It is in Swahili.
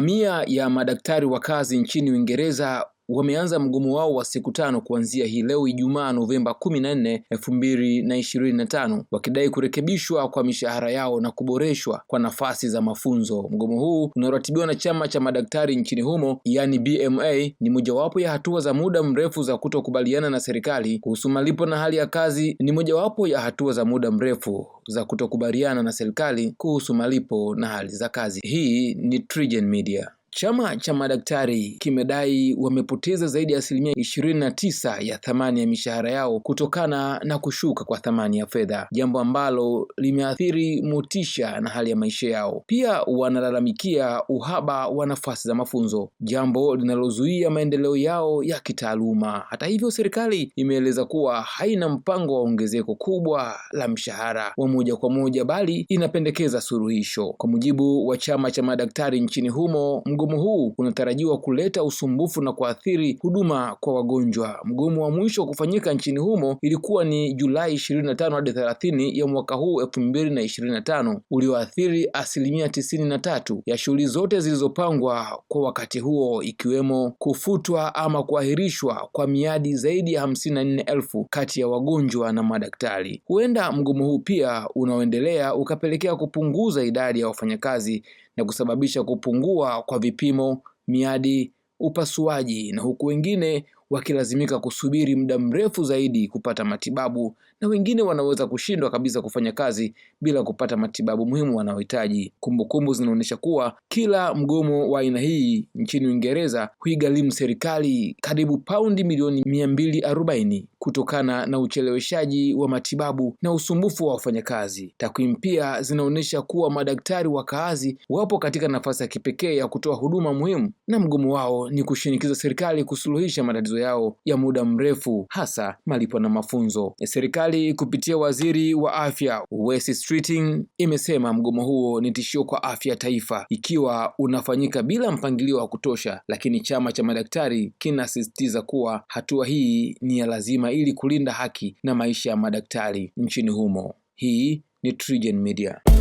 mamia ya madaktari wa kazi nchini Uingereza wameanza mgomo wao wa siku tano kuanzia hii leo Ijumaa Novemba 14, 2025 wakidai kurekebishwa kwa mishahara yao na kuboreshwa kwa nafasi za mafunzo. Mgomo huu unaoratibiwa na chama cha madaktari nchini humo, yani BMA, ni mojawapo ya hatua za muda mrefu za kutokubaliana na serikali kuhusu malipo na hali ya kazi. Ni mojawapo ya hatua za muda mrefu za kutokubaliana na serikali kuhusu malipo na hali za kazi. Hii ni TriGen Media. Chama cha madaktari kimedai wamepoteza zaidi ya asilimia ishirini na tisa ya thamani ya mishahara yao kutokana na kushuka kwa thamani ya fedha, jambo ambalo limeathiri motisha na hali ya maisha yao. Pia wanalalamikia uhaba wa nafasi za mafunzo, jambo linalozuia maendeleo yao ya kitaaluma. Hata hivyo, serikali imeeleza kuwa haina mpango wa ongezeko kubwa la mshahara wa moja kwa moja, bali inapendekeza suluhisho. Kwa mujibu wa chama cha madaktari nchini humo mgo mgomo huu unatarajiwa kuleta usumbufu na kuathiri huduma kwa wagonjwa. Mgomo wa mwisho kufanyika nchini humo ilikuwa ni Julai 25 hadi 30 ya mwaka huu 2025 ulioathiri asilimia tisini na tatu ya shughuli zote zilizopangwa kwa wakati huo ikiwemo kufutwa ama kuahirishwa kwa miadi zaidi ya hamsini na nne elfu kati ya wagonjwa na madaktari. Huenda mgomo huu pia unaoendelea ukapelekea kupunguza idadi ya wafanyakazi na kusababisha kupungua kwa vipimo, miadi, upasuaji na huku wengine wakilazimika kusubiri muda mrefu zaidi kupata matibabu, na wengine wanaweza kushindwa kabisa kufanya kazi bila kupata matibabu muhimu wanayohitaji. Kumbukumbu zinaonyesha kuwa kila mgomo wa aina hii nchini Uingereza huigharimu serikali karibu paundi milioni mia mbili arobaini kutokana na ucheleweshaji wa matibabu na usumbufu wa wafanyakazi. Takwimu pia zinaonyesha kuwa madaktari wakaazi wapo katika nafasi ya kipekee ya kutoa huduma muhimu, na mgomo wao ni kushinikiza serikali kusuluhisha matatizo mapato yao ya muda mrefu, hasa malipo na mafunzo. Serikali kupitia waziri wa afya Wes Streeting imesema mgomo huo ni tishio kwa afya taifa ikiwa unafanyika bila mpangilio wa kutosha, lakini chama cha madaktari kinasisitiza kuwa hatua hii ni ya lazima ili kulinda haki na maisha ya madaktari nchini humo. Hii ni TriGen Media.